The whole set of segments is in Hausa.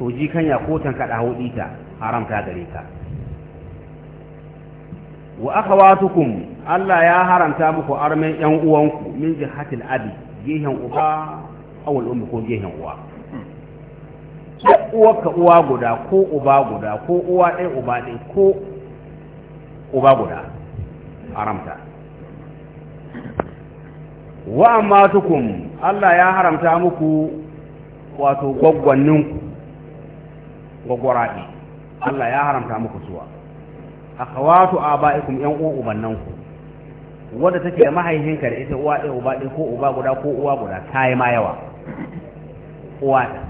to ji kanya kotan kaɗa hudi ta haramta gare ka wa akhawatukum Allah ya haramta muku armen yan uwanku min jihatil abi gehen uba awul ummi ko gehen uwa uwarka uwa guda ko uba guda ko uwa ɗaya uba ɗaya ko uba guda haramta wa amma tukum Allah ya haramta muku wato gwaggwanninku wa Allah ya haramta muku suwa akhawatu aba'ikum yan uwan ubannanku wadda take da mahaifinka da ita uwa ɗaya uba ɗaya ko uba guda ko uwa guda ta yi ma yawa uwa ta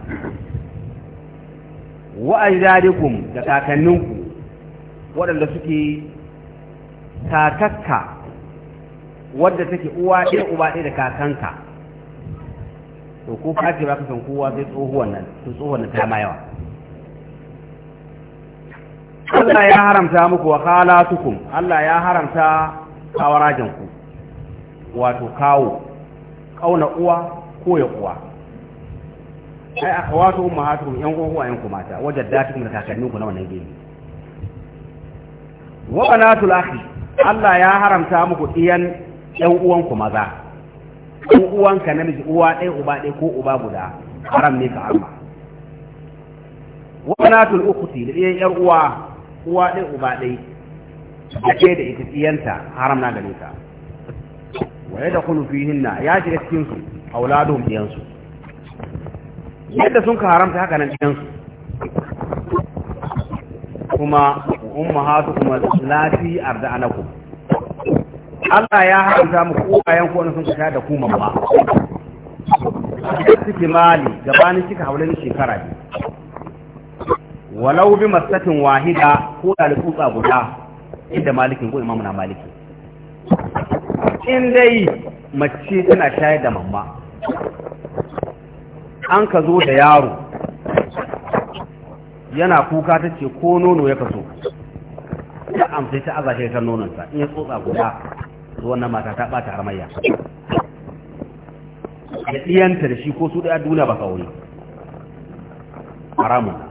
wa ajdadikum da kakanninku waɗanda suke kakakka wadda take uwa ɗaya uba ɗaya da kakanka to ko ka ce ba ka san kowa sai tsohuwan nan to tsohuwan nan ta ma yawa Allah ya haramta muku wa khalatukum Allah ya haramta kawarajanku wato kawo kauna uwa ko ya uwa ai akhawatu ummahatukum yan uwa uwa yan mata wajaddatukum da kakanninku na wannan gini wa banatul akhi Allah ya haramta muku iyan yan uwanku maza yan uwanka namiji uwa ɗaya uba ɗaya ko uba guda haram ne ka amma wa banatul ukhti da yar uwa uwa ɗai uba ɗai da ke da ita tsiyanta haram na gare ta waye da kunu na ya shiga cikin su auladun ɗiyansu yadda sun ka haramta haka nan ɗiyansu kuma umma Hasu kuma lati arda anaku Allah ya haramta mu ko ayan ko sun ka da kuma ba suke mali gabanin cika haulani shekara biyu walau bi masatin wahida ko da tsutsa guda inda malikin ko imamu na maliki in dai mace tana shayar da mamma an ka zo da yaro yana kuka ta ce ko nono ya kaso ta amsa ta aza shi ta nononsa, in ya tsotsa guda to wannan mata ta bata harmayya Ya ɗiyanta da shi ko su da duniya ba ka wuri haramun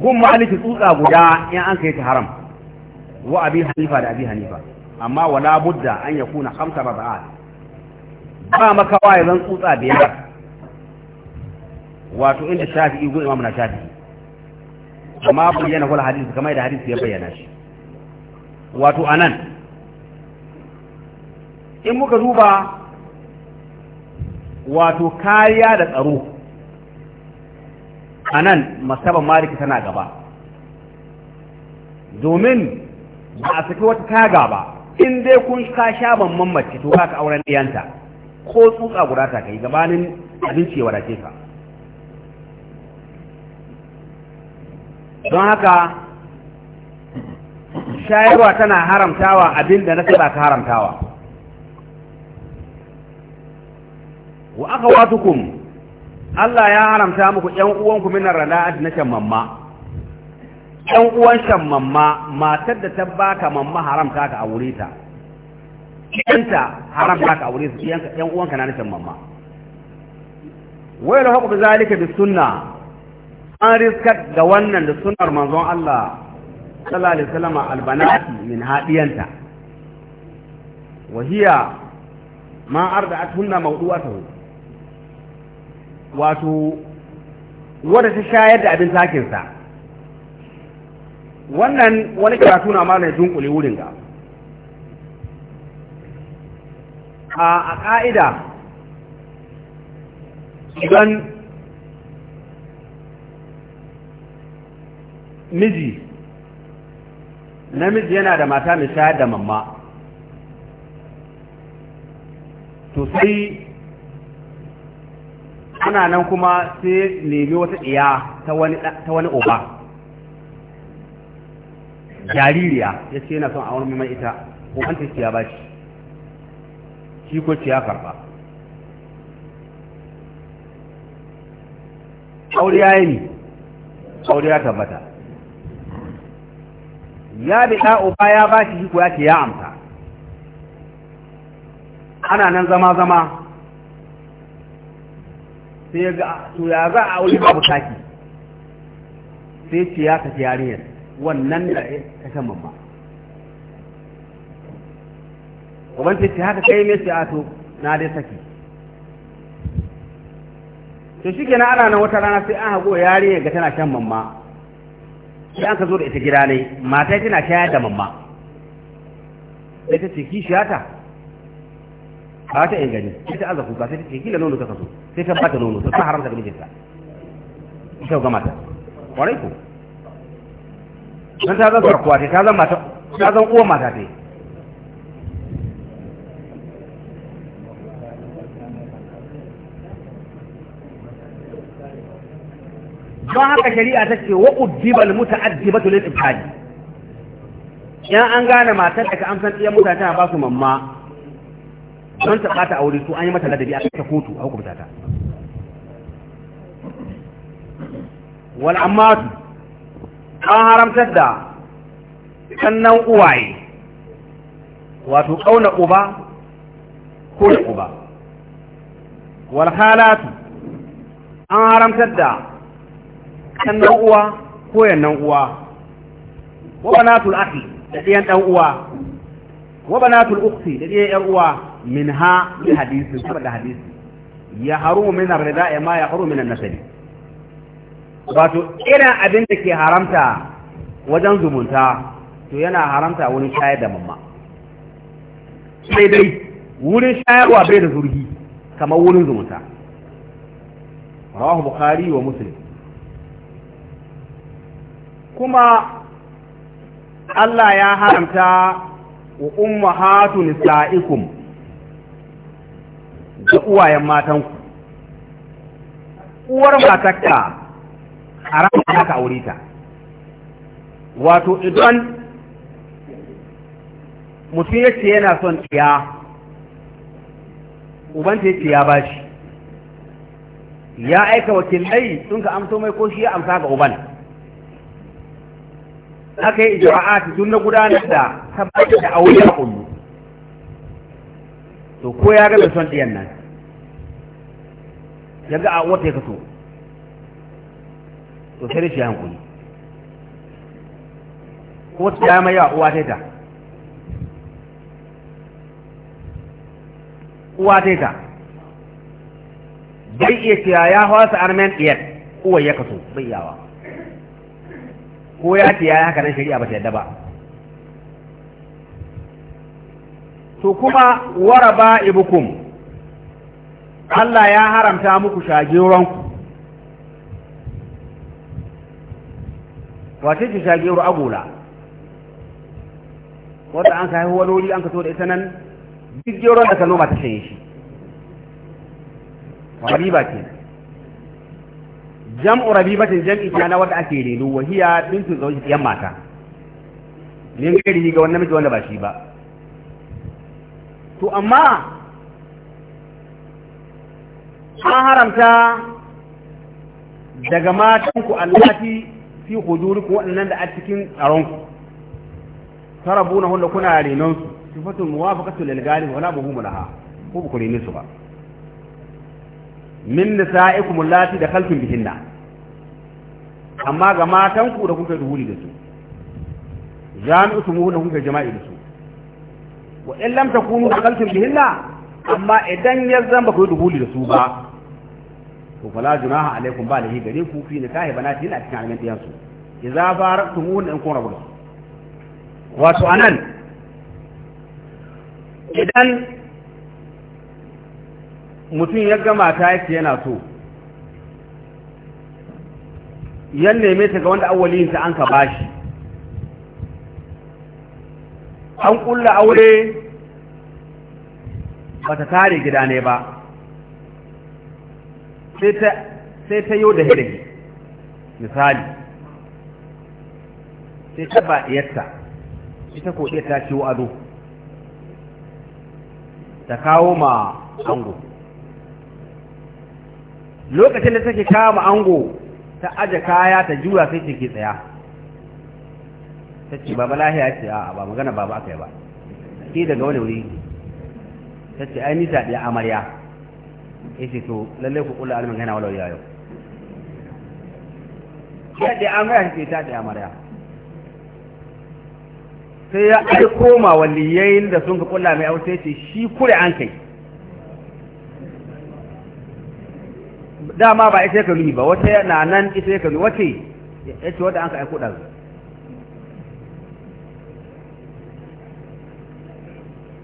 gun maliki tsutsa guda in an kai ta haram wa abi hanifa da abi hanifa amma wala budda an ya khamsa rab'at ba makawa ya zan tsutsa biyar wato inda shafi'i gun imam na shafi'i amma bayyana wal hadisi kamar da hadisi ya bayyana shi wato anan in muka duba wato kariya da tsaro a nan masaban maliki tana gaba domin ba a saki wata taga ba in dai kun ka sha ban mace to ka auren ɗiyanta ko tsutsa guda ta kai gabanin abinci ya wadace ka don haka shayarwa tana haramtawa abin da na ba ka haramtawa wa aka watukum Allah ya haramta muku ƴan uwanku minar rana'at na mamma, ƴan uwan mamma, matar da ta baka mamma haramta ka a wuri ta ƴanta haramta ka a wuri su ƴan uwanka na mamma. wai da haƙu zalika da suna, an riskar da wannan da sunar manzon Allah sallallahu alaihi wasallam albanati min hadiyanta wa hiya ma arda'at hunna mawdu'atuhu wato wadda ta shayar da abin sakinsa wannan wani karatu na malar dunkule wurin ga a ƙa'ida idan miji namiji yana da mata mai shayar da mamma to sai ana nan kuma sai nemi wata iya ta wani uba jaririya ya ce yana son a wani mai ita ko an tafi ya bashi shi ko ce ya karba aure ya yi ne aure ya tabbata ya bi ɗa uba ya bashi shi ko ya ce ya amsa ana nan zama-zama sai ya ga to ya za a aure babu taki sai ce ya tafi yarinyar wannan da ta kan mamma kuma ce ce haka kai mai ce ato na dai saki sai shi kenan ana nan wata rana sai an hago yarinyar ga tana shan mamma sai an ka zo da ita gida ne mata tana shayar da mamma sai ta ce kishiyata ba ta ingani ita sai ta aza sai ta ce kila nono ta kaso sai ta bata nono ta haramta ga mijinta ita ga mata kwarai ko dan ta zan farkuwa ta ta zan mata ta zan uwa mata ta don haka shari'a ta ce wa uddibal muta'addibatu lil ibhadi yan an gane matar da ka amsan iya mutata ba su mamma don ta bata aure su an yi mata ladabi a ta kotu a hukunta ta wal ammatu an haramtar da kannan uwaye wato kauna uba ko da uba wal khalatu an haramtar da kannan uwa ko yannan uwa wa banatul akhi da ɗiyan ɗan uwa wa banatul ukhti da ɗiyan ƴan uwa Min minha bi hadisin da hadisi ya haru min ar-rida'i ma ya haru min an-nasabi wato irin abin da ke haramta wajen zumunta to yana haramta wurin shayar da mamma sai dai wurin shayarwa bai da zurgi kamar wurin zumunta rawahu bukhari wa muslim kuma Allah ya haramta wa ummahatu nisa'ikum da uwayen matanku uwar matakka haram ya ka aure ta wato idan mutum ya ce yana son tiya ubanta ya ce ya bashi ya aika wakilai sun ka amso mai koshi ya amsa ga uban aka yi ijra'at tun na gudanar da tabbatar da aure a kullu to ko ya ga mai son ɗiyan nan ya ga a wata ya kaso to sai da shi hankuli ko ta ya mai yawa uwa ta ta uwa ta ta bai iya cewa ya hawasa armen ɗiyan uwa ya kaso bai yawa ko ya ce ya haka nan shari'a ba ta yadda ba to kuma waraba ibukum Allah ya haramta muku shageronku wace ce shagero agola Wadda an ka haihuwa lori an ka so da ita nan duk geron da ka noma ta shanye shi rabiba ke jam'u rabibatin jam'i ta na wadda ake reno wahiya bintu zawji yan mata ne ga wannan miji wanda ba shi ba to amma an haramta daga matanku Allah fi hudurku waɗannan da a cikin tsaronku tarabu na hunda kuna renon su sifatun muwafaqatu lil galib wala buhumu laha ko ku rene su ba min nisaikum allati bihin bihinna amma ga matanku da kuka duhuri da su jami'u tumuhu da kuka jama'i da su wa in lam takunu dakaltum bihinna amma idan ya zan ba ku dubuli da su ba to fala junaha alaikum ba lahi gare ku fi nikahi banati ina cikin almin diyan su idza faraqtumuhun in kun rabu wato anan idan mutum ya gama ta yake yana so yan neme ta ga wanda awwalin ta an ka bashi an kulla aure ba ta tare gida ne ba sai ta yau da hidahi misali sai ta ba iyarta ita ko iya ta wa ado ta kawo ma ango lokacin da take kawo ma ango ta aje kaya ta jura sai ke tsaya ta ce baba lahiya ce a ba magana baba aka yi ba ke daga wani wuri ta ce ai nisa ɗaya amarya ya ce to lallai ku kula almin gana walau yayo ya ɗaya amarya ce ta ɗaya amarya sai ya ai koma waliyayin da sun ka kula mai aure ce shi kure an kai dama ba ita ka nuni ba wata yana nan ita ka nuni wace ya ce wata an ka aiko ɗazu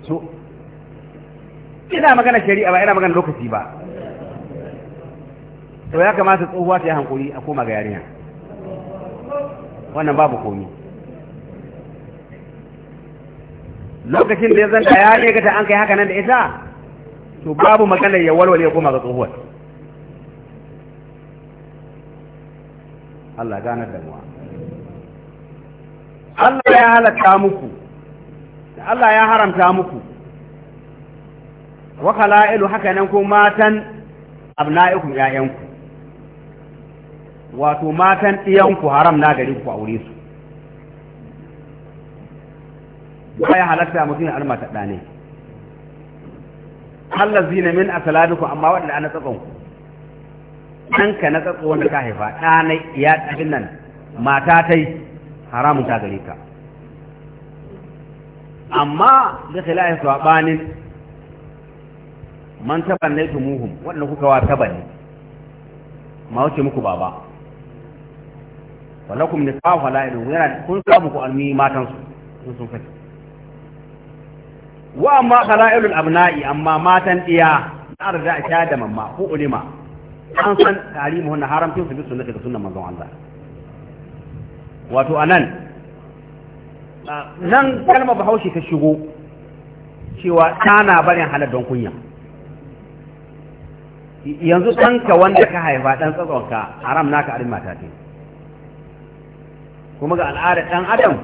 so ina magana shari'a ba ina magana lokaci ba to ya kamata tsohuwa ta yi hankuri a koma ga yarinya wannan babu komi lokacin da ya zanta ya ne ta an kai haka nan da ita to babu maganar ya walwale ya koma ga tsohuwar Allah ganar Allah ya halatta muku Allah ya haramta muku wa khala'ilu haka nan ko matan abna'ikum ya'yanku wato matan ɗiyanku haram na gari ku aure su ba ya halatta mutum ya almata ɗane Allah zina min a salabiku amma waɗanda ana tsakon ku ka na tsatso wanda ka haifa ɗanai ya ɗafin nan mata ta yi haramun ta gare ka amma da khilafi sabanin man tabannaitu muhum wanda kuka wa ne, ma wuce muku baba walakum nisafu la ilu yana kun samu ku almi matansu, sun sun fake wa amma khalailul abna'i amma matan na arda a sha da mamma ko ulima an san tarihi na haramcin su bi sunnati da sunan manzon Allah wato anan nan kalma bahaushe ta shigo cewa tana barin halar don kunya yanzu ɗanka wanda ka haifa ɗan tsatsonka haram naka arin mata ce kuma ga al'ada ɗan adam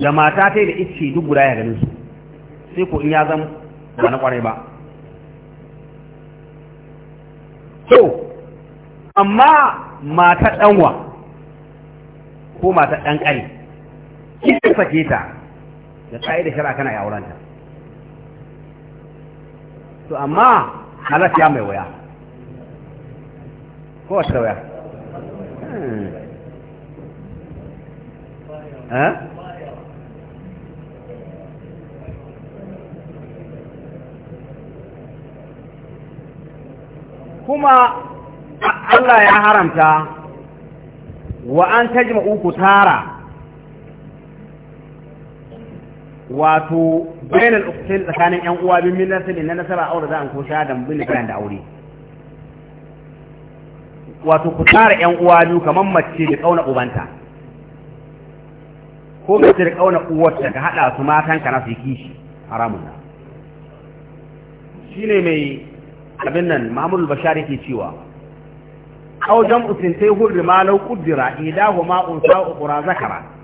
da mata ta da ice duk guda ya ganin su sai ko in ya zan ba na kwarai ba so amma mata ɗanwa ko mata ɗan ƙari in ka sake ta da da shara kana ya aurenta to amma halas ya mai waya ko wata waya hmm. eh? kuma Allah ya haramta wa an tajma'u ku tara wato bainal uktain tsakanin yan uwa bin min nasabin na nasara aure za an ko da bin kan da aure wato ku tsara yan uwa biyu kamar mace da kauna ubanta ko mace da kauna uwarta ka hada su matan ka na su kishi haramun na shine mai abin nan mamul Bashari ke cewa aw jam'u sintai hurri ma law qaddara idahuma unsa qura zakara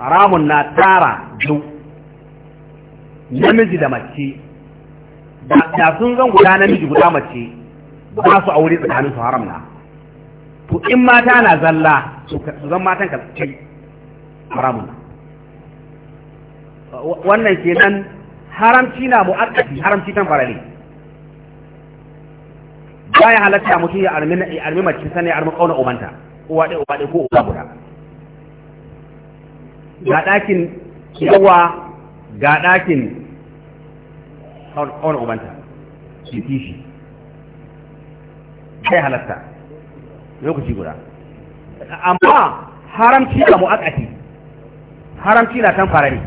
haramun na tara biyu namiji da mace da sun zan guda namiji guda mace ba su aure tsakanin su haram na to in mata na zalla su zan matan ka ce haramun wannan ke nan haramci na mu'akkadi haramci kan farare Ba ya halatta mutum ya armi mace sanai armi kauna ubanta uwa ɗaya uwa ɗaya ko uwa guda ga ɗakin yawa ga ɗakin ƙaunar ubanta shi kishi kai halatta lokaci guda amma haramci da mu'akati haramci na kan farari.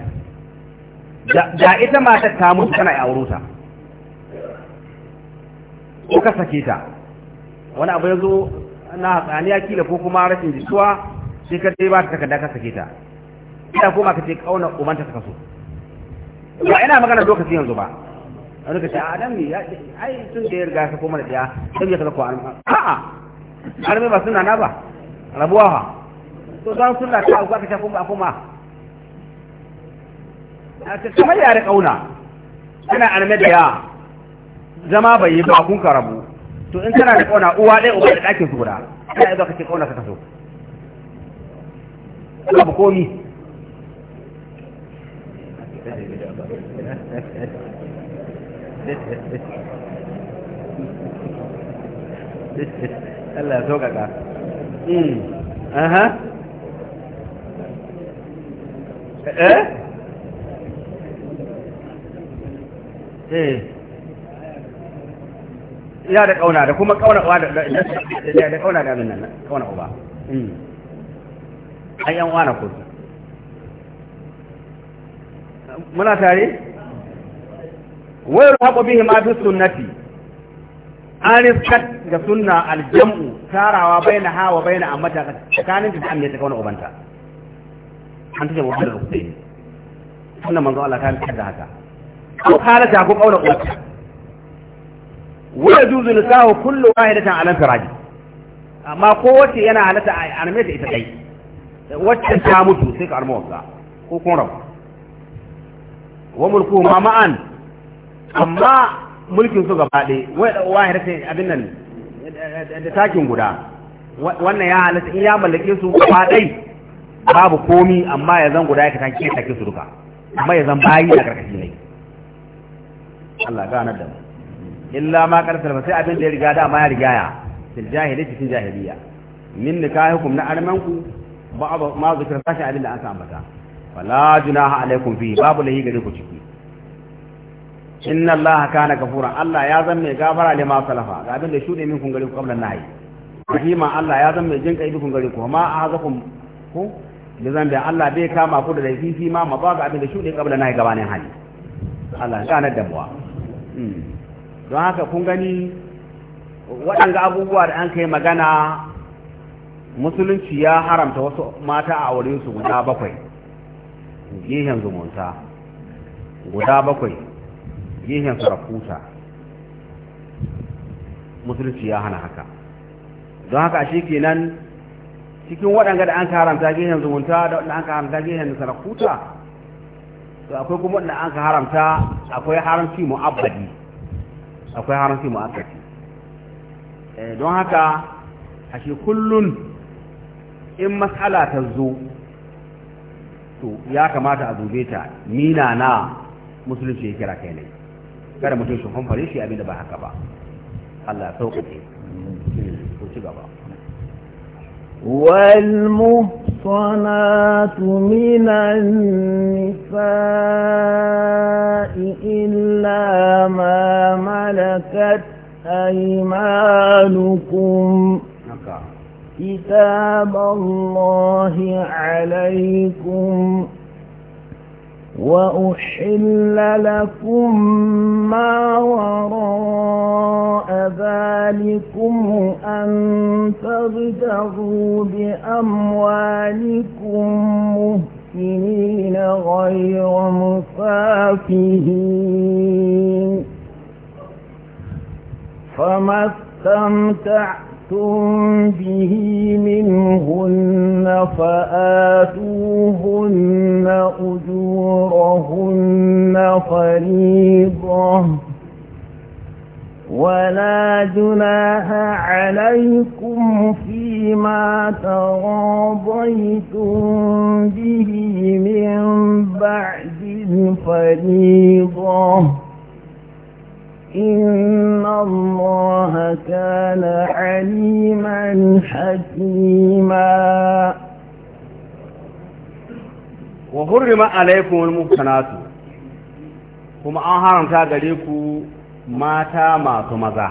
da ita mata ta mutu tana auro ta ko ka sake ta wani abu ya zo na hatsaniya kila ko kuma rashin jituwa sai ka dai ba ta takarda ka sake ta ina koma kace ce kauna ubanta ta kaso ba ina magana lokacin yanzu ba a lokacin ce adam ne ai tun da ya riga ka koma da ya sai ya kaza ko alma a'a alma ba suna na ba rabuwa ha to dan suna ta uku aka ce kuma kuma kamar yare kauna kana alma da ya zama bai yi ba kun karabu to in kana da kauna uwa dai uba da ɗakin su guda kana iya ka ce kauna ka kaso ba komi Allah so kaka. Hmm. aha eh eh ya da kauna da kuma kauna uwa da da kauna da nan kauna uba hmm. an yan wana kudu muna tare wayar haɓa bihi ma fi sunnati an riskat ga sunna aljam'u tarawa bai na hawa bai na amma tsakanin da amma ta na ubanta an take wahalar ne sunan manzo Allah ta rikar da haka an kala ta ko kauna ubanta waya juzu nisahu kullu wahidatan ta firaji amma ko wace yana halatta a arme da ita kai wacce ta mutu sai ka armo wanka ko kun rabu wa mulku ma ma'an amma mulkin su gaba ɗaya wani ta abin nan da takin guda wannan ya halatta in ya mallake su gaba ɗaya babu komi amma ya zan guda ya ka ke take su duka amma ya zan bayi a karkashi ne Allah gana da illa ma karsar ba sai abin da ya riga da ma ya riga ya fil jahiliyyah fil jahiliyya min nikahikum na armanku ba ma zikir sashi abin da an sa ambata fala junaha alaikum fi babu lahi gare ku ciki inna allaha kana gafuran allah ya zan mai gafara lima salafa ga abin da shude min kun gare ku kablan nahi rahima allah ya zan mai jin kai kun gare ku ma haza ku da zan da allah bai kama ku da laifi fi ma ba ga abin da shude kablan nahi gabanin hali allah ya kana damuwa don haka kun gani waɗanga abubuwa da an kai magana musulunci ya haramta wasu mata a aure su guda bakwai gihin zumunta guda bakwai gihin sarakuta musulci ya hana haka don haka shi kenan cikin waɗanda da an haramta gihin zumunta da waɗanda an haramta gihin sarakuta to akwai kuma waɗanda an haramta akwai haramci mu'abbadi akwai haramci mu'abbadi eh, don haka a shi kullun in matsala ta zo to ya kamata a dube ta nina na musulunci ya kira kai ne kada mutum shi hamfare shi abinda ba haka ba Allah sauƙaƙe ko ci gaba كتاب الله عليكم وأحل لكم ما وراء ذلكم أن تبتغوا بأموالكم مهتنين غير مسافهين فما استمتعتم أَخَذْتُمْ بِهِ مِنْهُنَّ فَآتُوهُنَّ أُجُورَهُنَّ فَرِيضَةً ولا جناح عليكم فيما تراضيتم به من بعد الفريضة إن الله كان عليما حكيما وحرم عليكم المحصنات kuma an haramta gare ku mata masu maza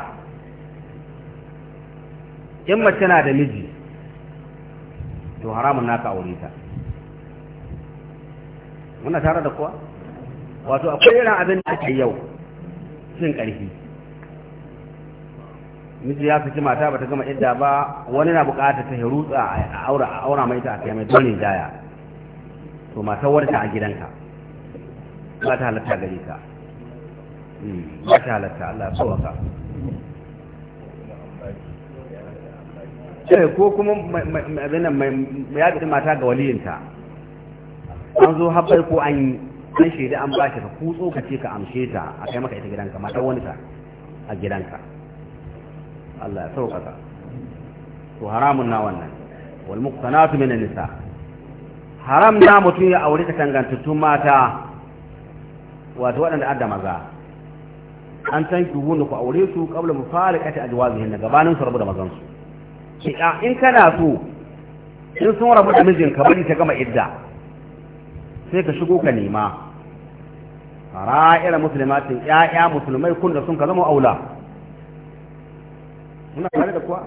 in mace na da miji to haramun naka aure ta muna tare da kuwa wato akwai irin abin da ake yau cin ƙarfi miji ya saki mata bata gama idda ba wani na bukata ta hirutsa a aura a aura mai ta a kai mai dole jaya to mata wadda a gidanka ba ta halatta gare ka hmm, ba ta halatta Allah so ka eh ko kuma mai nan mai ya mata ga waliyinta an zo habbai ko an yi an shaida an bashi ka kutso ka ce ka amshe ta a kai maka ita gidanka mata wani ta a gidanka Allah ya sauƙaƙa to haramun na wannan wal muqtanatu minan nisa haram na mutum ya aure ta tangantattun mata wato waɗanda adda maza an san ki wuni ku aure su qabla mufalaqati ajwazihin na gabanin su rabu da mazan su in kana so in sun rabu da mijin ka bari ta gama idda sai ka shigo ka nema fara'ira مسلمات ƴaƴa musulmai مسلمي كن sun ka zama aula muna tare da kuwa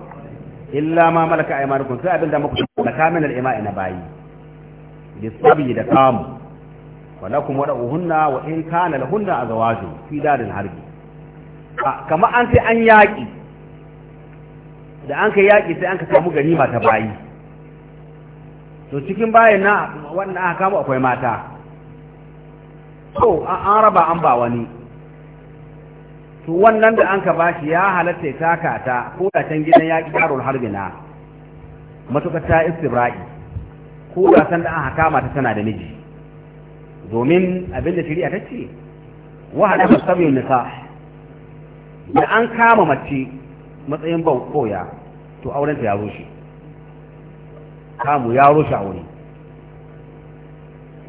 illa ma sai abinda da kamin al-ima'i na bayi bisabi da kamu walakum wada'uhunna wa da an ka yaƙi sai an ka samu ganima ta bayi to cikin bayan na wannan aka kama akwai mata to an raba an ba wani to wannan da an ka bashi ya halatta ya taka ta ko da can gidan ya ki harbi harbina matuƙa ta istibra'i ko da san da an hakama ta tana da miji domin abin da shari'a ta ce wa hada musabiyun nisa da an kama mace matsayin bau koya to auren ta ya rushe kamu ya rushe aure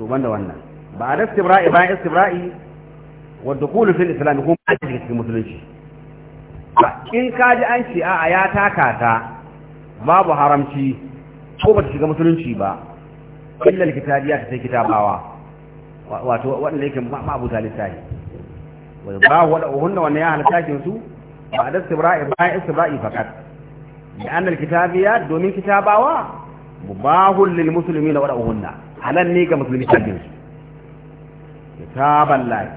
to banda wannan ba da istibra'i ba istibra'i wa dukhulu fil islam ko ba cikin cikin musulunci Ba in ka ji an ce a ya taka ta babu haramci ko ba ta shiga musulunci ba illa alkitabiya ta sai kitabawa wato wanda yake ma'abuta littafi wa ba wa hunna wannan ya halatta kin su ba da istibra'i ba istibra'i fakat da annal kitabiya domin kitabawa mubahul lil muslimin wa hunna halan ne ga musulmi cikin su taballahi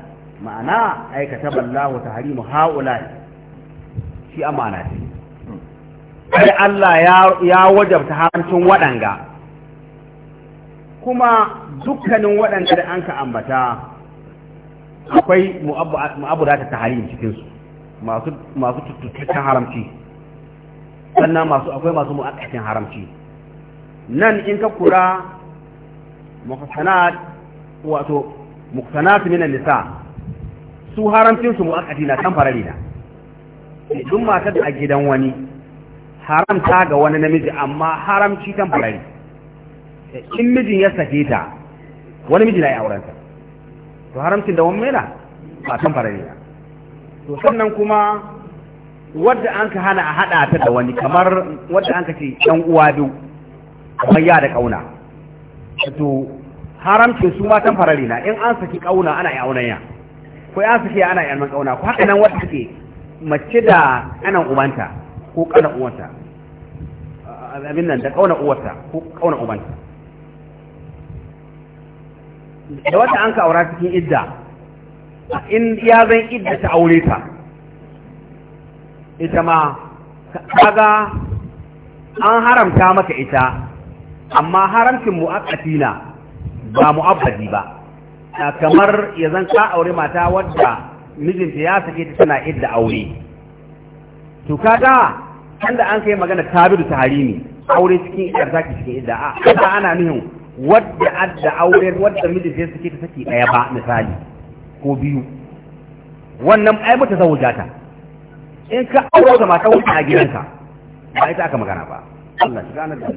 ma'ana aikata ballahu tahrimu haula'i shi amana ce sai Allah ya wajabta haramcin waɗanga kuma dukkanin waɗanda da an ka ambata akwai mu'abuda ta tahrim cikinsu masu masu haramci sannan masu akwai masu mu'akkacin haramci nan in ka kura mafasanat wato muktanat minan nisa su haramcin su mu'akkati na kan farari da duk matar a gidan wani haramta ga wani namiji amma haramci kan farari in mijin ya sake ta wani miji na yi aurenta to haramcin da wani na? ba kan farari da to sannan kuma wadda an ka hana a haɗa ta da wani kamar wadda an ka ce 'yan uwa biyu kamar ya da ƙauna to haramcin su ma farari na in an saki kauna ana yi aunanya ko an saki ana yi alman kauna ko haka nan wata take mace da anan ubanta ko kana uwanta abin nan da kauna uwarta ko kauna ubanta da wata an ka aura cikin idda in ya zan idda ta aure ta ita ma kaga an haramta maka ita amma haramcin mu'akkati na ba mu'abbadi ba kamar ya zan ka aure mata wadda mijinta ya sake ta tana idda aure to kaga da an kai magana tabiru ta harimi aure cikin idda zaki cikin idda a kada ana nuhin wadda adda aure wadda mijinta ya sake ta saki daya ba misali ko biyu wannan ai mata zawuja ta in ka aure da mata wadda a gidanka ba ita aka magana ba Allah shi ganar da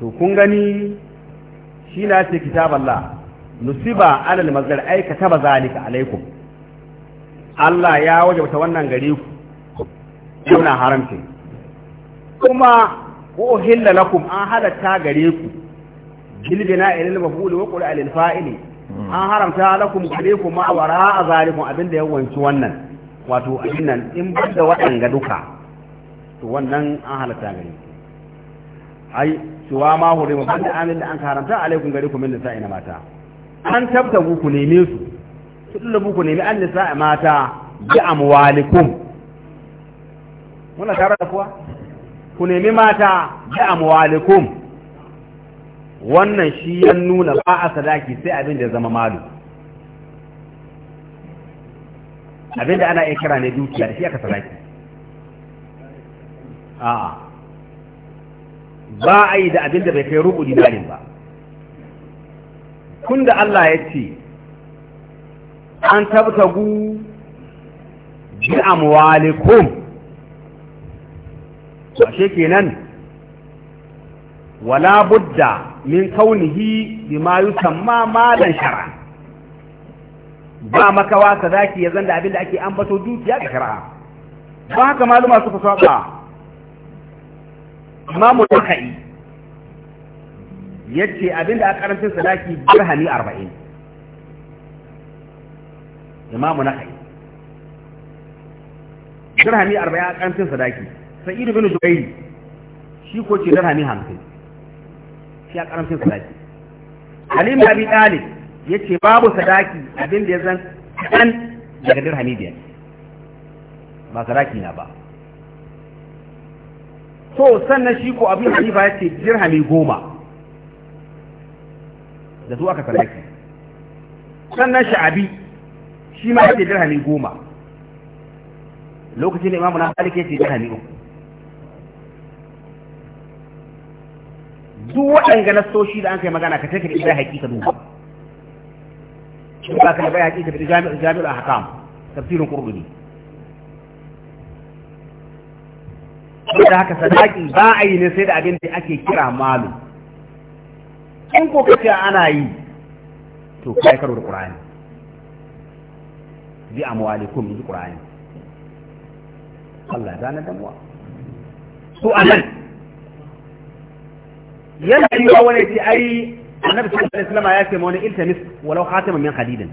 to kun gani shi na ce kitab Allah nusiba alal mazdar ay kataba zalika alaikum Allah ya waje wajabta wannan gare ku yana haramce kuma ko hilla lakum an halatta gare ku gilbina bina'i lil wa qul alil fa'ili an haramta lakum gare ku ma wara azalikum abinda ya wanci wannan wato abin nan in banda waɗanga duka to wannan an halatta gare ku ai cewa ma hore mu banda amin da an karanta alaikum gari ku min nisa ina mata an tabta ku neme su su dulabu ku nemi an nisa mata bi amwalikum wannan tare da kuwa ku nemi mata bi amwalikum wannan shi ya nuna ba a sadaki sai abin da ya zama malu abin da ana iya kira ne dukiya da shi aka sadaki a'a ba a yi da abin da bai kai rubu dinarin ba kun da Allah ya ce an tabtagu bi amwalikum ashe kenan wala budda min kaunihi bima yusamma malan shar'a ba makawa sadaki ya zanda abin da ake ambato dukiya ga shar'a ba haka maluma suka saba imamu duka'i yace abinda a karancin sadaki dirhami 40 imamu na ka'i dirhami 40 a karancin sadaki sa'id bin jubayr shi ko ce dirhami 50 shi a karancin sadaki halim abi talib yace babu sadaki abinda ya zan kan daga dirhami biyar ba sadaki na ba to sannan shi ko abin hanifa ya ce dirhami goma da su aka sarrafi sannan sha'abi shi ma ya ce dirhami goma lokacin imamu na malik ya ce dirhami uku duk waɗanga nastoshi da an kai magana ka take da ita haƙiƙa duba shi ba ka da bai haƙiƙa da jami'ul jami'ul ahkam tafsirin qur'ani da haka sadaki ba a yi ne sai da abin da ake kira malu in ko kace ana yi to kai karo da qur'ani bi amwalikum bi qur'ani Allah da na damuwa to anan yana yi wa wani ci ai annabi sallallahu alaihi wasallam ya ce ma wani iltamis walau khataman min hadidin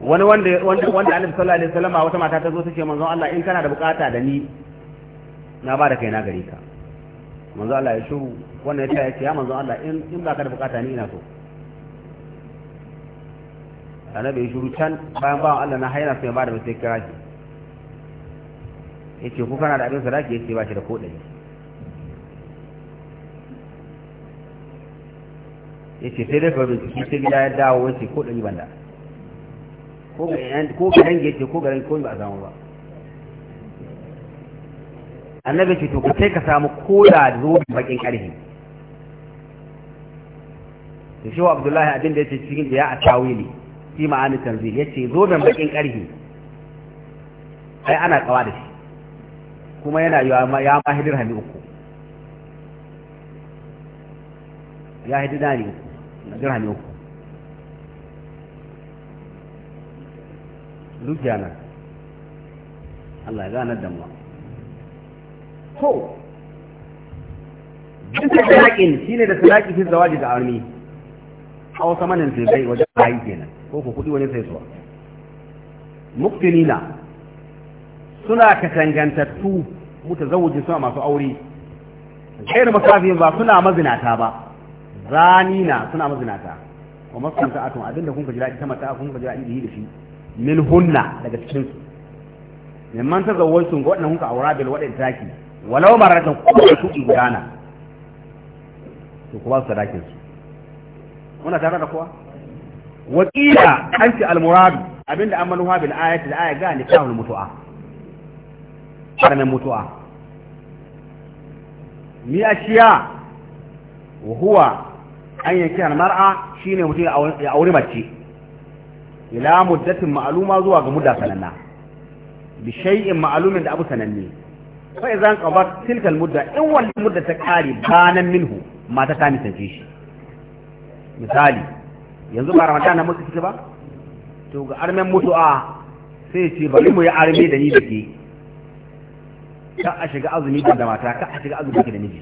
wani wanda wanda annabi sallallahu alaihi wasallam wata mata ta zo ta ce manzon Allah in kana da bukata da ni na ba da kaina gare ka manzo Allah ya shuru wannan ya ce ya manzo Allah in in ba ka da bukata ni ina so annabi ya shuru can bayan bawan Allah na haina sai ba da sai kira shi yace ku kana da abin sadaki yace ba shi da ko yace sai dai faru shi sai gida ya dawo wace ko ɗari banda ko ga ko ga yace ko ga ko ba a ba annabi ce to sai ka samu koda zobin bakin karhi da shi abdullahi abin da ya ce cikin da ya a tawili fi ma'ani tanzil ce zobin bakin karhi ai ana kawa da shi kuma yana ya ma hidir hali uku ya hidir hali uku na hali uku duk Allah ya ganar da mu to duk da talaƙin shi ne da talaƙi fi zawaji da armi a wasu manin sai bai wajen bayi kenan ko ku kuɗi wani sai suwa muktinina suna katangantattu mutazawujin suna masu aure gairu masafiyin ba suna mazinata ba zanina suna mazinata wa maskanta atum abinda kun ka jira ta mata kun ka jira yi da shi min hunna daga cikin su mimman tazawwajtum ga wadannan kun ka aura bil wadin taki walau maratan kuma da shuɗi gudana to kuma su sadakin su muna tare da kowa wakila an ce almuradu abinda an manuwa bil ayati da aya ga kawo mutu'a karamin mutu'a mi ashiya wa huwa an al mar'a shine mutum ya aure mace ila muddatin ma'aluma zuwa ga mudda sananna bi shay'in ma'alumin da abu sananne fa idan qabat tilka mudda in wal mudda ta kare banan minhu mata ta misalce shi misali yanzu ba ramadan na mutu kike ba to ga armen a sai ce bari mu yi arme da ni da ke ka a shiga azumi da mata ka a shiga azumi da miji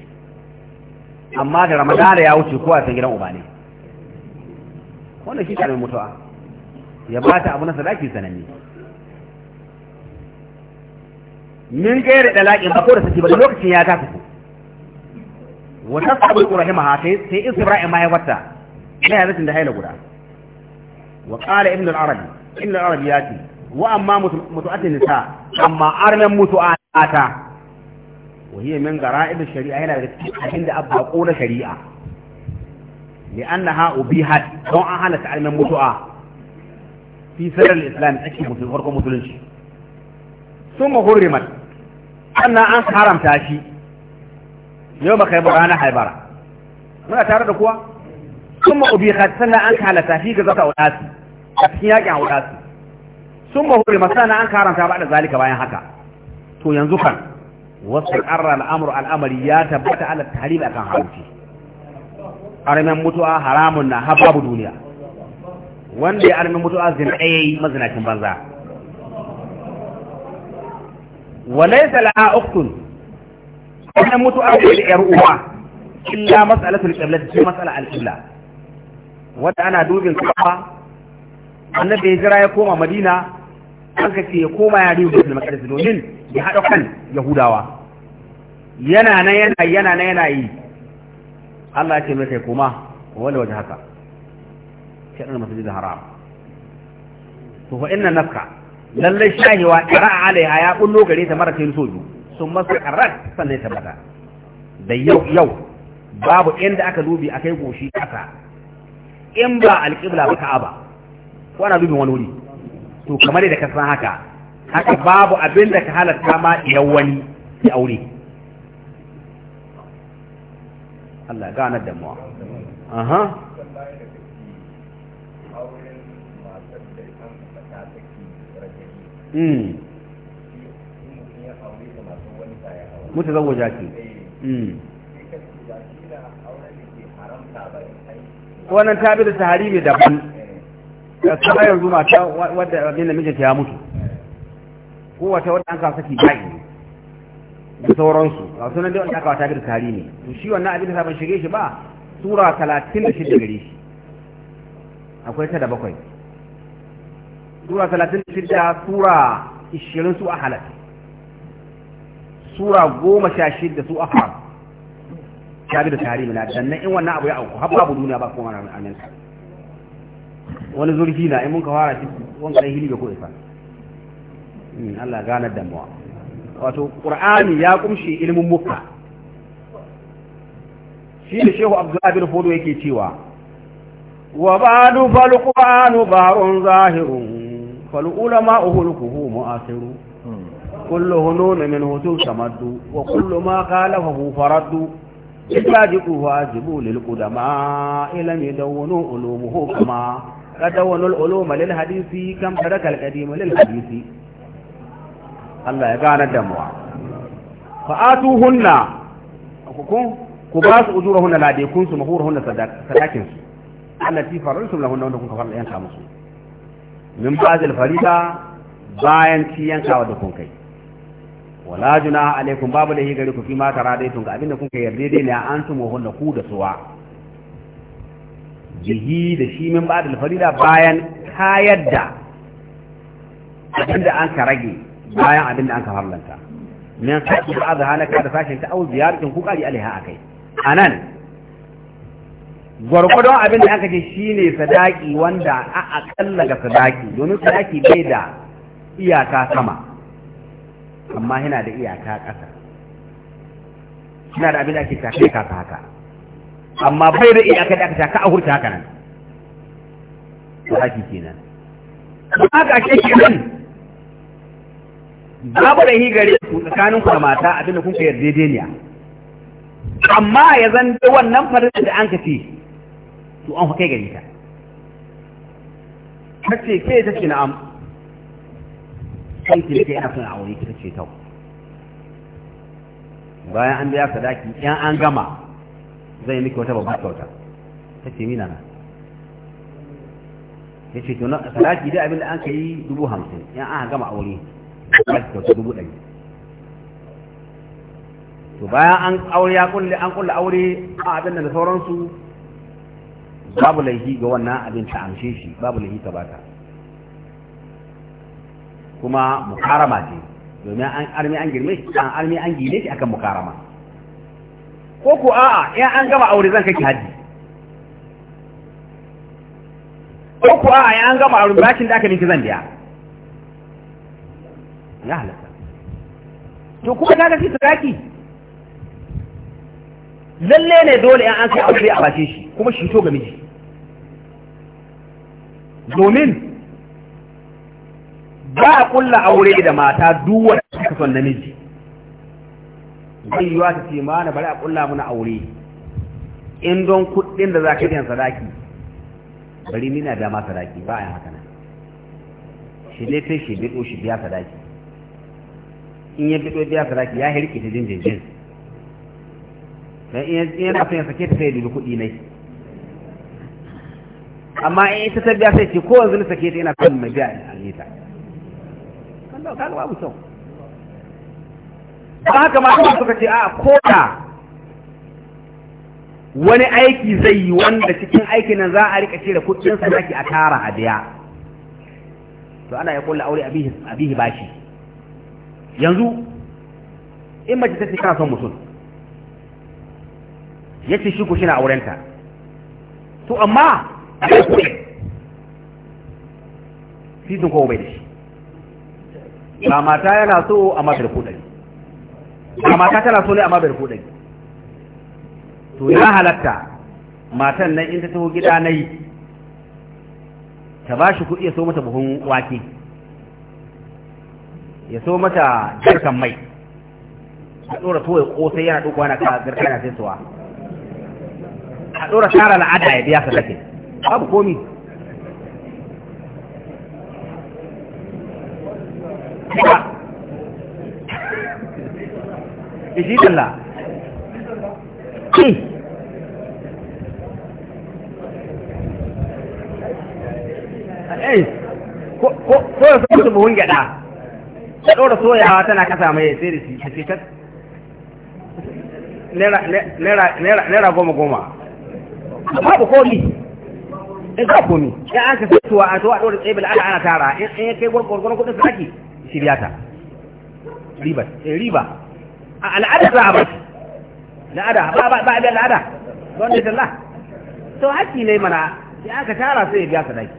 amma da ramadana ya wuce kowa san gidan uba ne wannan shi ta mai mutuwa ya ba ta abu na sadaki sananne min gairi dalakin ba ko da saki ba da lokacin ya ta su wa tasabu rahimaha sai sai isra'i ma ya wata ina yarin da haila guda wa qala ibn al-arabi ibn al-arabi ya wa amma mutu'atin nisa amma arnan mutu'ata wa hiya min gara'ib shari'a yana daga cikin abin da abba ko na shari'a Don an أو أهلت mutu'a. المتوعة في سر الإسلام أكيد في فرق musulunci. sun mahurrimat sannan an haramta shi yau ba yi ba ranar haibara muna tare da kuwa sun ma'ubihat sannan an halata shi ga zata audasi a cikin yakin audasi sun mahurrimat sannan an haramta ba da zalika bayan haka to yanzu kan wasu ƙarra al'amur al'amari ya tabbata ala tahrim akan haramci armen mutuwa haramun na hababu duniya wanda ya armen mutuwa zin ɗaya yi mazinacin banza walaysa laha ukhtun kana mutu a da yar uwa illa mas'alatul qibla ce mas'ala al-qibla wanda ana dubin kafa annabi ya jira ya koma madina an ka ce ya koma ya riyu da makaris domin ya haɗa kan yahudawa yana na yana yana na yana yi Allah ya ce koma wani waje haka haram to nafka lallai shahiwa a alaiha ya kullo gare ta mara kai soju sun masu ƙarar sannan ta bata da yau yau babu inda aka dubi akai goshi ƙasa in ba alƙibla ba ka'aba ko ana dubin wani wuri to kamar da ka san haka haka babu abin da ka halatta ma yau wani ya aure Allah nan da mu aha Mm. mutu zan waja ce mm. wannan tabi da sahari ne daban da su a yanzu mata wadda abin da mijinta ya mutu Ko kowace wadda an kasa ki ba'i da sauransu a sunan da wanda aka wata da sahari ne to shi wannan abin da sabon shige shi ba sura talatin da shida gare shi akwai ta da bakwai sura 36 sura ishirin su a halatta sura 16 su a haram ya bi da tarihi na dannan in wannan abu ya auku har babu duniya ba kuma ranar aminta wani zurfi na in mun ka fara shi wanda dai hili ga ko isa Allah ganar da mu wato qur'ani ya kumshi ilmin mukka shi ne shehu abdullahi bin fodo yake cewa wa ba'du fal qur'anu ba'un zahirun فالعلماء هلكه مؤثر كل هنون منه تستمد وكل ما خالفه فرد الصادق واجب للقدماء لم يدونوا علومه كما قدونوا العلوم للحديث كم ترك القديم للحديث الله يقانا الدموع فآتوهن كباس أجورهن لا ديكون سمهورهن صداكين التي فررسم لهن ونكون كفر الأيام خامسون min ba'dil farida bayan ci yankawa da kun kai wala juna alaikum babu da gare ku fi ma tara dai tun ga abin da kun kai yarda dai ne an tumo hunna ku da suwa jihi da shi min ba'dil farida bayan ka yadda abin da an ka rage bayan abin da an ka farlanta min haƙƙi azhanaka da fashin ta au ziyaratin ku kari alaiha akai anan gwargwadon abin da aka ce ne sadaki wanda a akalla ga sadaki domin sadaki bai da iyaka sama amma yana da iyaka ƙasa yana da abin da ake shafe ka haka amma bai da iyaka da aka shaka a hurta haka nan sadaki kenan haka ke kenan babu da higare ku tsakanin ku da mata abin da kuka yarda daidaiya amma ya zan wannan farin da an ka ce to an hukai gari ta kace ke ta ce na'am sai ce kai ina son aure ki ce tau bayan an biya sadaki yan an gama zai miki wata babbar kyauta ta ce mina na ya ce to sadaki dai abin da an kai dubu hamsin yan an gama aure ba kyauta dubu ɗari to bayan an aure ya kulle an kulle aure a abin da sauransu babu laifi ga wannan abin ta amshe shi babu laifi ta bata kuma mukarama ce domin an armi an girme shi an armi an gine shi akan mukarama ko ko a'a in an gama aure zan kake haji ko ko a'a in an gama aure bashin da aka miki zan biya ya halatta to kuma ga shi tsaki lalle ne dole in an kai aure a bashe shi kuma shi to ga miji domin ba a kulla aure da mata duwar suka son namiji zai yi ta ce mana bari a kulla muna aure in don kuɗin da za ka yi sadaki bari nina da ma sadaki ba a yin haka nan shi ne sai shi biɗo shi biya sadaki in ya biɗo biya sadaki ya hirki ta jin jin Sai in yana son ya sake ta sai da dubi kuɗi ne amma in ita ta biya sai ce ko yanzu na sake ta ina kan mai biya a yi ta kan da kaga babu kyau ba haka ma kuma suka ce a ko da wani aiki zai yi wanda cikin aikin nan za a rika cire kuɗin sadaki a tara a biya to ana ya kulla aure abihi abihi bashi yanzu in mace ta ce kana son mutum yace shi ku shi na aurenta to amma a kai kuɗin sisin kowa bai da shi ba mata yana so amma bai da kuɗin ba mata tana so ne amma bai da kuɗin to ya halatta matan nan in ta taho gida na yi ta ba shi kuɗi ya so mata buhun wake ya so mata jarkan mai a ɗora tuwa ya ƙosai yana ɗauko yana garka yana sai suwa a ɗora tara al'ada ya biya sadake babu komi ko buhun gyada ta ɗora soyawa tana kasa mai sai da shi ta ce ta naira goma goma babu komi in za komi in an ka fitowa a to a ɗora tsaye bil'ada ana tara in ya kai gwargwargwaron kuɗin saki shi biya ta riba eh, riba a al'ada za a ba al'ada ba ba ba al'ada don ne sallah to haƙƙi ne mana in aka tara sai ya biya sadaki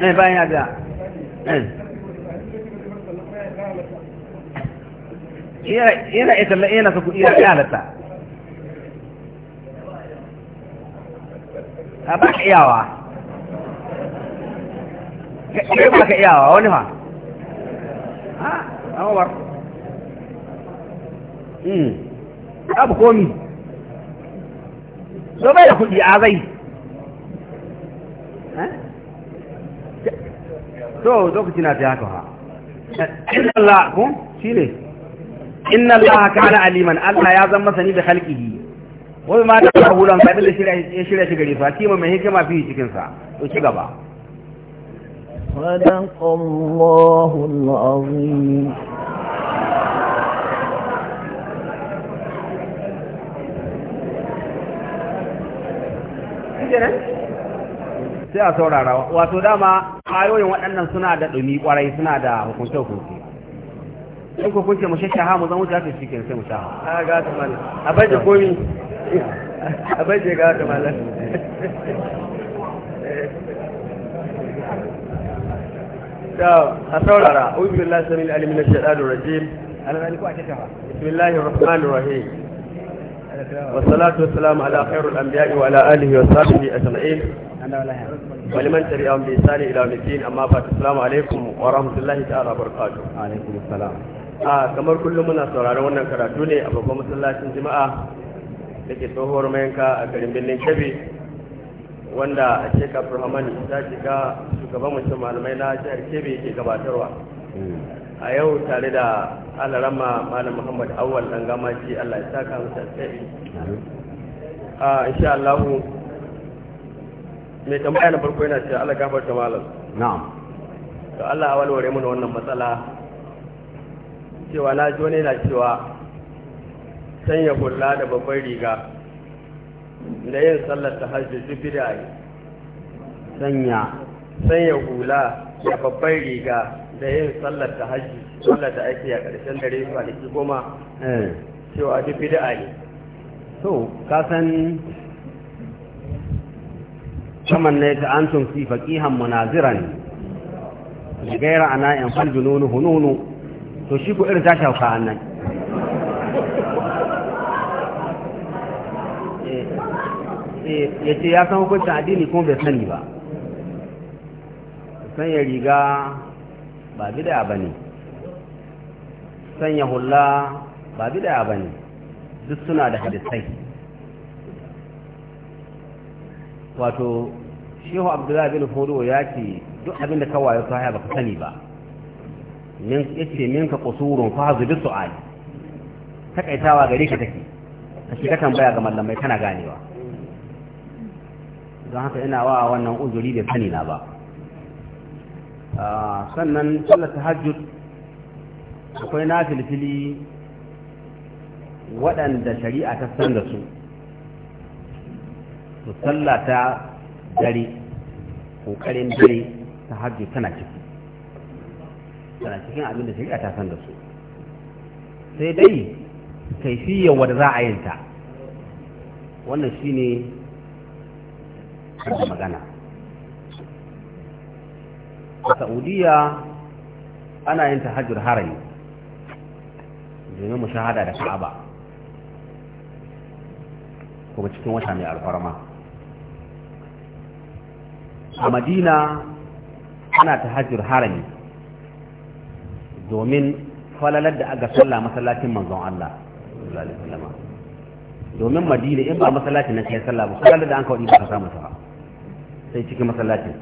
ne eh, bayan ya biya eh. yana ita yana kuɗi ya halatta a ba ka iyawa kai ba ka iyawa wani ha. ha awar mm abu komi so bai da kuɗi a zai to lokaci na ta haka ha inna Allah kun shi ne inna Allah kana aliman Allah ya zama sani da halƙihi wani ma da ta ka fa da ya shirya shi gare su hakima mai hikima fi cikin sa to ci gaba صدق الله azim sai a saurara wato dama ayoyin waɗannan suna da ɗumi ƙwarai suna da hukunce hukunce in ku kunce mu shashaha mu zan wuce haka shi sai mu shaha a ga ta mali a bai da komi abai ce ga haka malar a saurara ubin lasarin alimin shaɗaɗun rajim bismillahir rahmanir rahim wasalatu wasalamu ala khairul anbiya'i wa ala alihi wa sahbihi ajma'in wa liman tabi'ahum bi ihsani ila yawmiddin amma fa assalamu alaikum wa rahmatullahi ta'ala wa barakatuh alaikum assalam a ah, kamar kullum muna saurara wannan karatu ne a babban masallacin jama'a da ke tsohuwar mayanka a garin birnin kebe wanda a sheka firhamani ta shiga shugaban mutum malamai na jihar kebe ke gabatarwa a yau tare da alarama malam muhammad awal dan gamaci allah ya saka masa tsari a insha allahu mai tambaya na farko yana cewa allah gafarta malam na'am to allah a walware mana wannan matsala cewa na ji wani na cewa sanya hula da babban riga da yin sallar ta hajji duk da yi sanya sanya hula da babban riga da yin sallar ta hajji sallar da ake a ƙarshen dare liki goma eh. cewa duk bid'a ne to ka san saman ne ta an tun fi faqihan munaziran gaira ana in fal junonu hununu to shi ku irin ta shauka annan Eh, ya ce ya san hukuncin addini kuma bai sani ba sanya riga ba bida ba ne sanya hula ba bida ba ne duk suna da hadisai wato shehu abdullahi bin hudu ya ce duk abin da kawai su haya baka sani ba ya ce minka kusurun fa zubi su'ali takaitawa gare ka take ka tambaya ga mallamai kana ganewa don haka ina wa wannan uzuri da sani na ba ah, sannan sallar tahajjud akwai na filfili waɗanda shari'a ta san da su su sallata dare ƙoƙarin dare ta hajji tana ciki tana cikin abinda shari'a ta san da su sai dai kaifiyar wadda za a yinta wannan shine fitar da magana a saudiya ana yin tahajjur harami domin mu shahada da ka'aba kuma cikin wata mai alfarma a madina ana tahajjur harami domin falalar da aka salla masallacin manzon Allah domin madina in ba masallaci na kai sallah ba falalar da an kawai ba ka samu ta sai cikin masallacin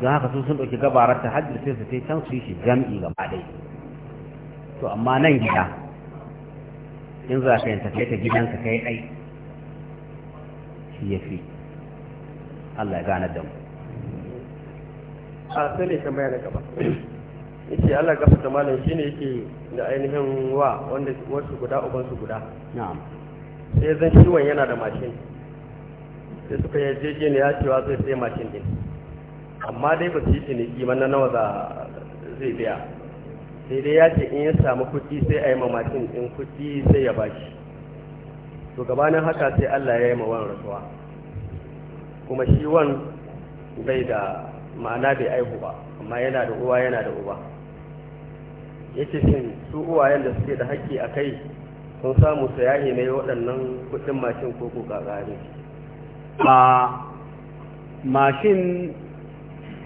don haka sun sun ɗauki gabarar ta hajji sai su sai can su yi shi jam'i gaba ɗai to amma nan gida in za ka yanta kai ta gidanka kai ɗai shi ya fi Allah ya gane da mu a sai ne tambaya na gaba yake Allah gafa da malam shine yake da ainihin wa wanda wasu guda uban su guda na'am sai zan ciwon yana da mashin sai suka yi yarje ne ya cewa zai sai mashin din amma dai ba su yi ciniki na nawa za zai biya sai dai ya ce in ya samu kuɗi sai a yi ma mashin din kuɗi sai ya bashi to gabanin haka sai Allah ya yi ma wani rasuwa kuma shi wan bai da ma'ana bai aihu ba amma yana da uwa yana da uba ya ce shi su uwayen da suke da haƙƙi a kai sun samu su na yi waɗannan kuɗin mashin ko ko ne a mashin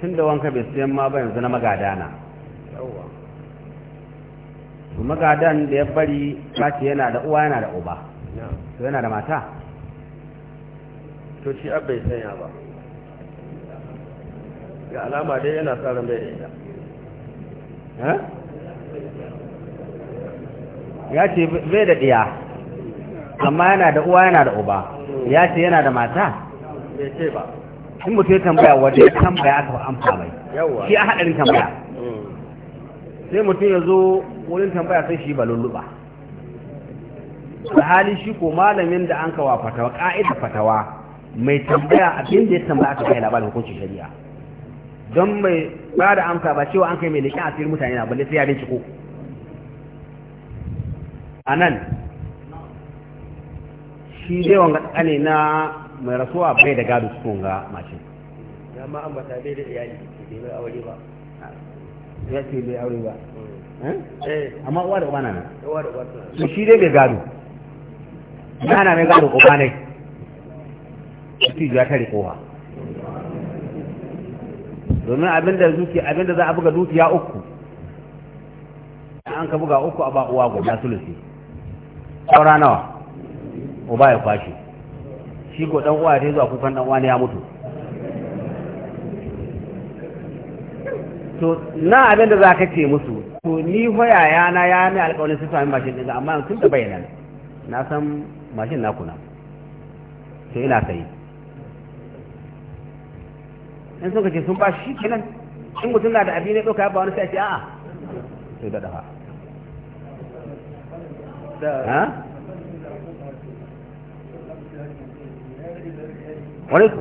tun da wanka bai siyan ma ba yanzu na magadana na magadan da ya bari kace yana da uwa yana da uba to yana da mata to shi abbai sanya ba ga alama dai yana sa ran bai da ita eh? ya ce bai da ɗiya amma yana da uwa yana da uba ya ce yana da mata in mutum ya tambaya wanda ya tambaya aka amsa mai shi a haɗarin tambaya mm. sai mutum ya zo wurin tambaya sai shi ba lulluɓa da hali shi ko malamin da an kawa fatawa ƙa'ida fatawa mai tambaya abin da ya tambaya aka kai labarin hukuncin shari'a don mai ba da amsa ba cewa an kai mai leƙen asirin mutane na balle sai ya binciko a nan shi dai wanga tsakani na mai rasuwa bai da gado su ga mace ya ma bata bai da iyali bai mai aure ba ya ce bai aure ba hmm. eh? Eh. amma uwa da uba na nan to shi dai bai gado ya na mai gado ko bane. shi ya tare kowa domin abinda zuki abinda za a buga dukiya uku an ka buga uku a ba uwa guda sulusi saura nawa uba ya kwashe shi ko dan uwa ta zuwa kukan dan uwa ne ya mutu to na abin da za ce musu to ni hoya yana ya mai alƙawarin su sami mashin ɗin amma sun da bayyana na san mashin na kuna to ina sayi in sun kace sun ba shi kenan in mutum na da abin ne ɗauka ba wani sai a ce a'a sai da dafa wani ku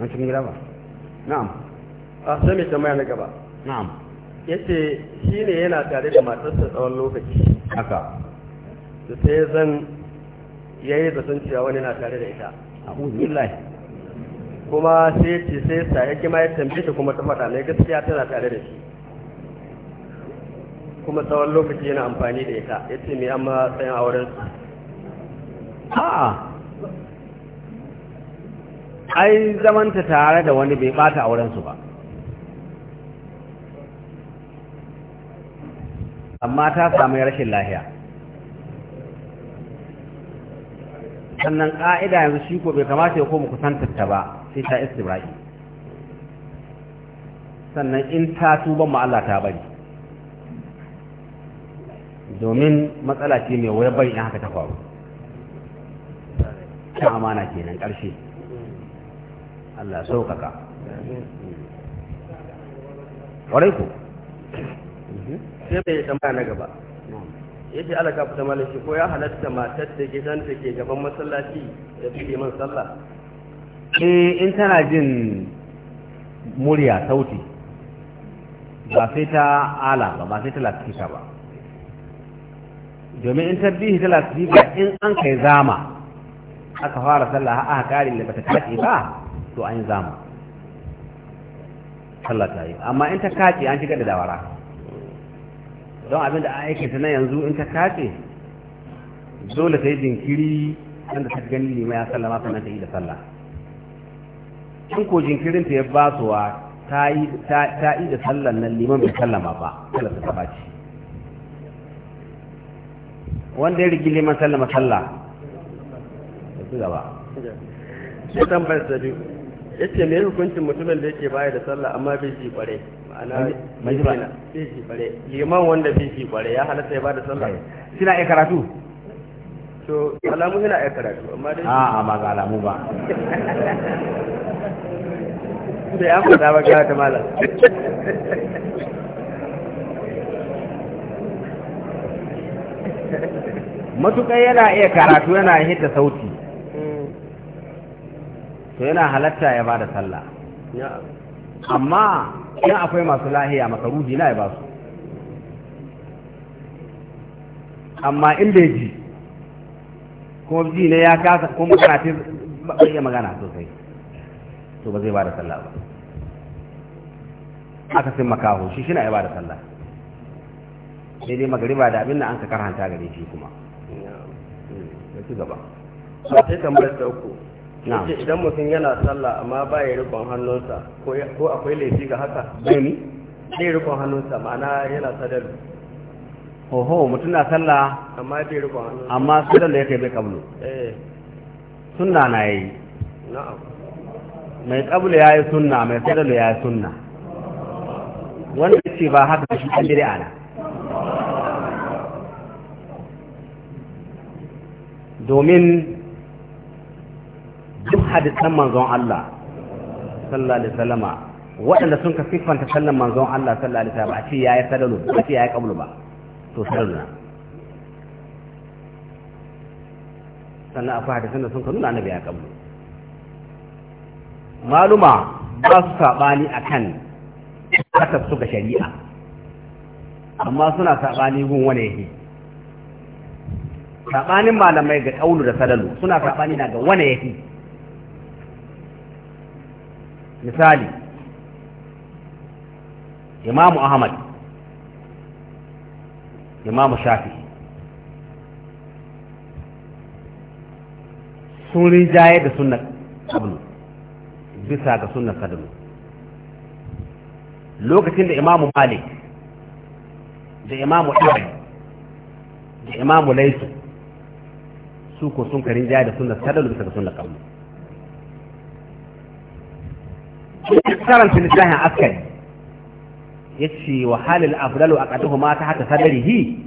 an cikin gida ba na'am a ah, sai mai tambaya na gaba na'am yace shi ne yana tare da matarsa tsawon lokaci haka da sai zan yi zaton cewa wani yana tare da ita a'udhu billahi kuma sai ce sai sa ya kima ya tambaye ta kuma ta faɗa ne gaskiya tana tare da shi kuma tsawon lokaci yana amfani da ita ya ce me amma tsayin auren a'a ai zamanta tare da wani bai bata aurensu ba amma ta samu rashin lahiya sannan ƙa'ida yanzu shi ko bai kamata ya koma ta ba sai ta istibra'i sannan in ta tuba ma Allah ta bari domin matsala ce mai wayar bari in haka ta faru ta amana kenan ƙarshe Allah sauƙaƙa ƙwarai ku sai mai tambaya na gaba ya ce ala kafa tamala shi ko ya halatta matar da san ke gaban masallaci da fi man sallah eh in tana jin murya sauti ba sai ta ala ba ba sai ta latifika ba domin in tabbihi ta latifika in an kai zama aka fara sallah aka kare da bata kace ba to an yi zamu ta yi amma in ta kace an shiga da dawara don abin da an aikinta na yanzu in ta kace dole ta yi jinkiri nan da ta gani ne ya sallama sannan ta yi da sallah in ko jinkirin ta ya suwa ta yi da sallan nan liman bai sallama ba sallar ta ba ce wanda ya rigi liman sallama sallah ya ci gaba sai tambayar sa ya ce me hukuncin mutumin da yake baya da sallah amma bai ji kware ma'ana bai ji kware liman wanda bai ji kware ya halatta ya bada sallah eh. suna iya karatu to alamu yana iya karatu amma dai a ba alamu ba da ya fada ba ga ta malam matukai yana iya karatu yana hita sauti to yana halatta ya ba da sallah amma in akwai masu lahiya makaruhi na ya ba su amma in bai ji kuma ji ne ya kasa kuma karatun bai iya magana sosai to ba zai ba da sallah ba aka sin makaho shi shi na ya ba da sallah sai dai magariba da abin da an ka karhanta gare shi kuma ya ci gaba sai tambayar ta uku idan mutum yana sallah amma ba ya rikon hannunsa ko akwai laifi ga haka bai ne rikon hannunsa ma'ana yana sadar hoho mutum na sallah amma bai rikon hannunsa amma sadar da ya bai kablo eh. suna na yi mai kablo ya yi suna mai sadar ya yi suna wanda ce ba haka shi kan bid'a ana domin duk hadisan manzon Allah sallallahu alaihi wasallama waɗanda sun ka siffanta sallan manzon Allah sallallahu alaihi wasallam a ce yayi sadalu a ce yayi qablu ba to sadalu na sannan akwai hadisan da sun ka nuna annabi ya qablu maluma ba su sabani akan katab su ga shari'a amma suna sabani gun wani yake sabanin malamai ga ƙaunu da sadalu suna saɓani na ga wani yake misali imamu ahmad imamu shafi sun rinjaye da sunnar abnu bisa ga sunnar kadunu lokacin da imamu malik da imamu ibn da imamu laisu su ko sun karin jaya da sunnar kadunu bisa ga sunnar kabnu karanta littafin askari ya ce wa halil afdalu a ƙaduhuma ta haka sadarihi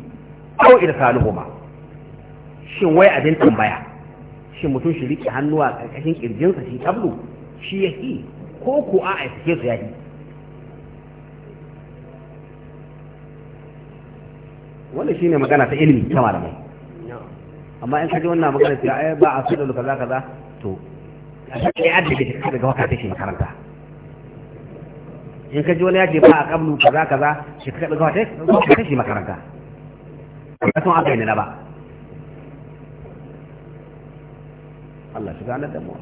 ko irsaluhuma shin wai abin tambaya shin mutum shi riƙe hannuwa ƙarƙashin ƙirjinsa shi tablu shi ya yi ko ko a a sake su ya yi wannan shine magana ta ilimi ta malamai amma in kaji wannan magana ta ai ba a so da kaza kaza to a sai adda da daga waka take makaranta in ka ji wani ya ce ba a kamnu kaza kaza shi ka kaɗa gawa ta kashi makaranta ba sun aka yi na ba Allah shiga na damuwa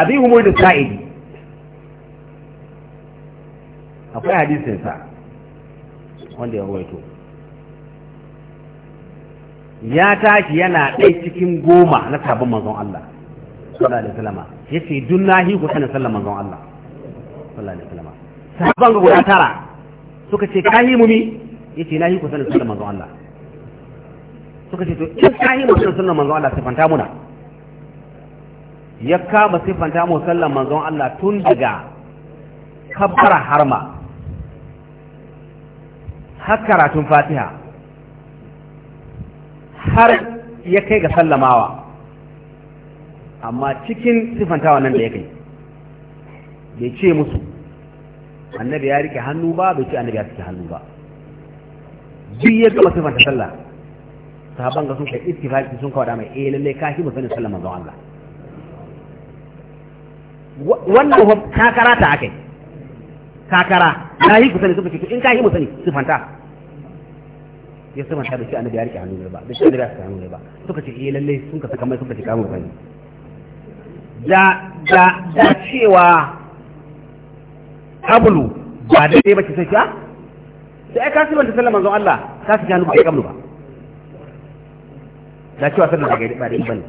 abin humor da sa'idi akwai hadisinsa wanda ya ruwaito ya tashi yana ɗai cikin goma na sabon manzon Allah sallallahu alaihi wasallam yace dun ku sanin sallallahu alaihi wasallam sallallahu alaihi wasallam sahaban guda tara suka ce kai mu mi yace nahi ku sanin sunnar manzon Allah suka ce to in kai mu sanin sunnar manzon Allah sai fanta muna ya kama sai fanta mu sallar manzon Allah tun daga kabbara harma har karatun fatiha har ya kai ga sallamawa amma cikin sifantawa nan da ya kai bai ce musu annabi ya rike hannu ba bai ce annabi ya rike hannu ba duk ya gama sifanta sallah sahaban ga sun kai ittifaqi sun kawada mai eh lalle kashi mu sanin sallah manzon Allah wannan kakara ta akai kakara na yi kusani suka ce to in ka mu sanin sifanta ya sifanta da shi annabi ya rike hannu ne ba da shi annabi ya rike hannu ne ba suka ce eh lalle sun ka saka mai suka ce kamun sani da da da cewa qablu ba da ɗaya ki sai ah, ka sai ka ta sallama zuwa Allah ka saki hannu ba qablu ba da cewa sallar ba daidai ba daidai bane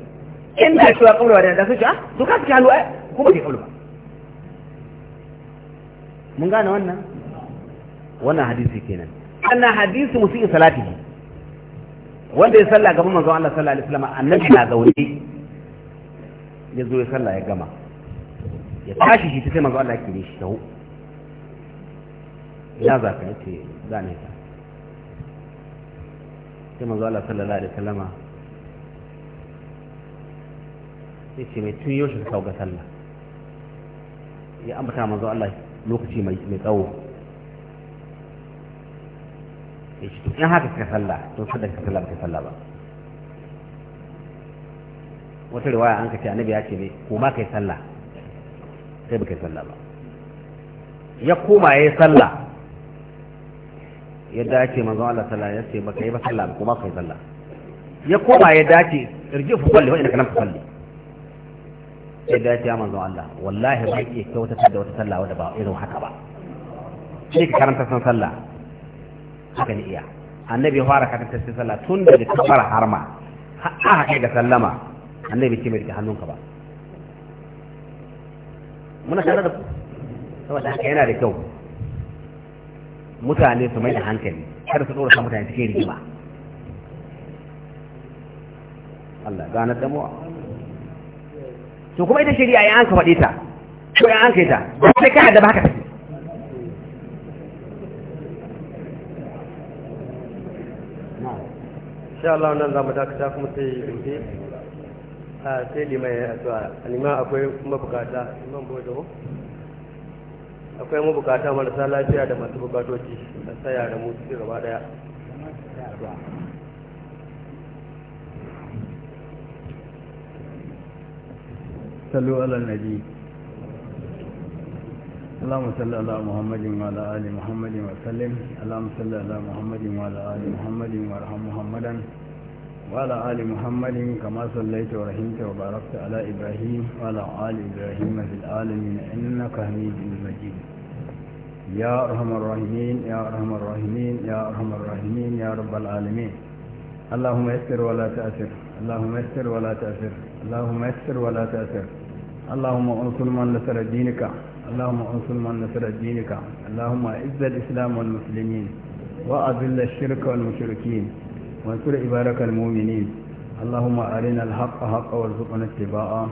in da cewa qablu ba da sai ka ah, to ka saki hannu ai ko ba ki qablu ba mun gane wannan wannan hadisi kenan wannan hadisi musu ne wanda ya salla gaban manzon Allah sallallahu alaihi wasallam annabi na zaune ya zo ya salla ya gama ya tashi shi sai manzon Allah ya kire shi tawo ya za ka yace gane ne ta sai manzo Allah sallallahu alaihi wasallama yace mai tun yau shi ka ga sallah ya ambata manzo Allah lokaci mai mai tsawo yace to in haka ka sallah to kada ka sallah ka sallah ba wata riwaya an ka ce annabi ya ce ne ko ma kai sallah sai ba kai sallah ba ya koma ya yi sallah yadda ake manzo Allah sallallahu alaihi wasallam baka yi ba sallah ko ba kai sallah ya koma ya dace irji fa salli wa innaka lam tusalli ya dace ya manzo Allah wallahi ba iya kyautata da wata sallah wadda ba irin haka ba shi ka karanta san sallah haka ne iya annabi ya fara karanta san sallah tun daga kafara harma har kai da sallama annabi ce mai rike hannunka ba muna tare da ku saboda haka yana da kyau mutane su mai da hankali kar su ɗora mutane cikin rigima Allah gane damuwa to kuma ita shari'a ya an ka faɗe ta ko ya an kai ta sai ka da haka take insha Allah nan za mu dakata kuma sai gobe a ah, sai limai a tsawa alima akwai bukata imam bojo akwai mu bukata marasa lafiya da masu bukatoci da tsaya da mu cikin gaba daya sallu ala nabi اللهم صل على محمد وعلى ال محمد وسلم اللهم صل على محمد وعلى ال محمد وارحم وعلى آل محمد كما صليت ورحمت وباركت على إبراهيم وعلى آل إبراهيم في العالمين إنك حميد مجيد يا أرحم الراحمين يا أرحم الراحمين يا أرحم الراحمين يا رب العالمين اللهم يسر ولا تأسر اللهم يسر ولا تأسر اللهم يسر ولا تأسر اللهم انصر من نصر دينك اللهم انصر من نصر دينك اللهم أعز الإسلام والمسلمين وأذل الشرك والمشركين وانصر عبادك المؤمنين اللهم أرنا الحق حقا وارزقنا اتباعه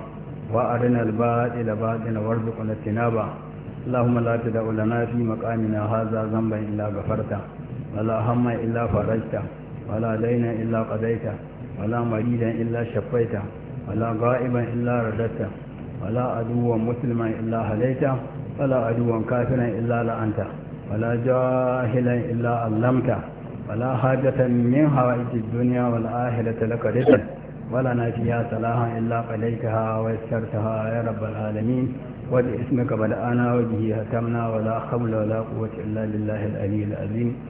وأرنا الباطل باطلا وارزقنا اجتنابه اللهم لا تدع لنا في مقامنا هذا ذنبا إلا غفرته ولا هما إلا فرجته ولا دينا إلا قضيته ولا مريدا إلا شفيته ولا غائبا إلا رددته ولا عدوا مسلما إلا هديته ولا عدوا كافرا إلا لأنته ولا جاهلا إلا علمته ولا حاجة من حوائج الدنيا والآخرة لك رزق ولنا فيها صلاحا إلا قليتها ويسرتها يا رب العالمين وباسمك بدأنا وبه هتمنا ولا حول ولا قوة إلا بالله العلي العظيم